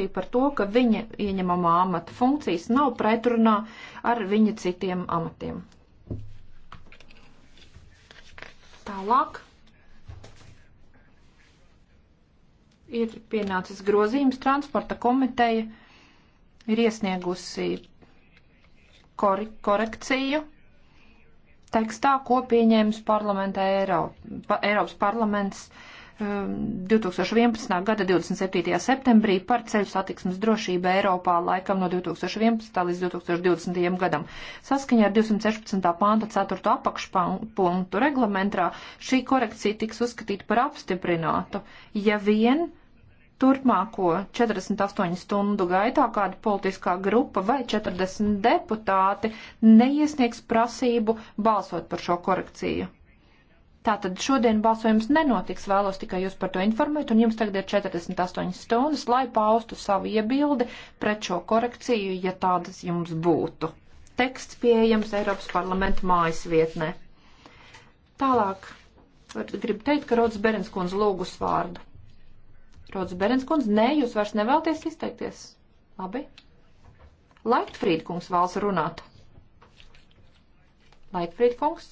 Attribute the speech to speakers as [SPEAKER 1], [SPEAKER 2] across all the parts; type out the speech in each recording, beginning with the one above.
[SPEAKER 1] uzskatīja par to, ka viņa ieņemamā amata funkcijas nav pretrunā ar viņa citiem amatiem. Tālāk ir pienācis grozījums transporta komiteja, ir iesniegusi kor korekciju tekstā, ko pieņēmis parlamentā Eiro, pa, Eiropas parlaments. Uh, 2011. Um, gada 27. septembrī par ceļu satiksmes drošību Eiropā laikam no 2011. līdz 2020. gadam. Saskaņā ar 216. pānta 4. apakšpunktu reglamentā šī korekcija tiks uzskatīta par apstiprinātu, ja vien turpmāko 48 stundu gaitā kāda politiskā grupa vai 40 deputāti neiesniegs prasību balsot par šo korekciju. Tātad šodien balsojums nenotiks, vēlos tikai jūs par to informēt, un jums tagad ir 48 stundas, lai paustu savu iebildi pret šo korekciju, ja tādas jums būtu. Teksts pieejams Eiropas parlamenta mājas vietnē. Tālāk gribu teikt, ka Rods Berenskundz lūgus vārdu. Rods Berenskundz, nē, jūs vairs nevēlties izteikties. Labi. Laiktfrīd kungs vēlas runāt.
[SPEAKER 2] Laiktfrīd kungs.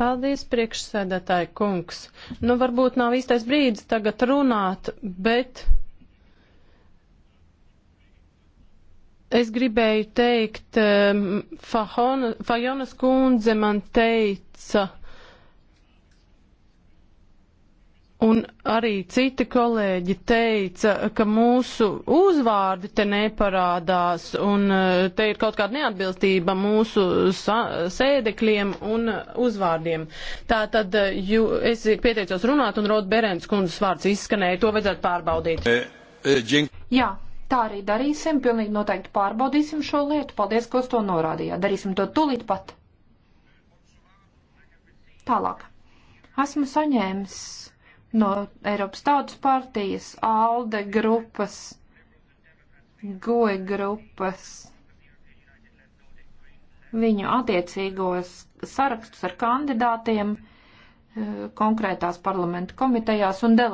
[SPEAKER 2] Paldies, priekšsēdētāji kungs. Nu, varbūt nav īstais brīdis tagad runāt, bet es gribēju teikt, um, Fajonas kundze man teica, Un arī citi kolēģi teica, ka mūsu uzvārdi te neparādās un e, te ir kaut kāda neatbilstība mūsu sēdekļiem un uzvārdiem. Tā tad e, jū, es pieteicos runāt un Rod Berends kundzes vārds izskanēja, to vajadzētu pārbaudīt.
[SPEAKER 1] E, Jā, tā arī darīsim, pilnīgi noteikti pārbaudīsim šo lietu. Paldies, ka uz to norādījāt. Darīsim to tulīt pat. Tālāk. Esmu saņēmis no Eiropas Tautas partijas, ALDE grupas, GOE grupas. Viņu attiecīgos sarakstus ar kandidātiem eh, konkrētās parlamenta komitejās un delegācijās.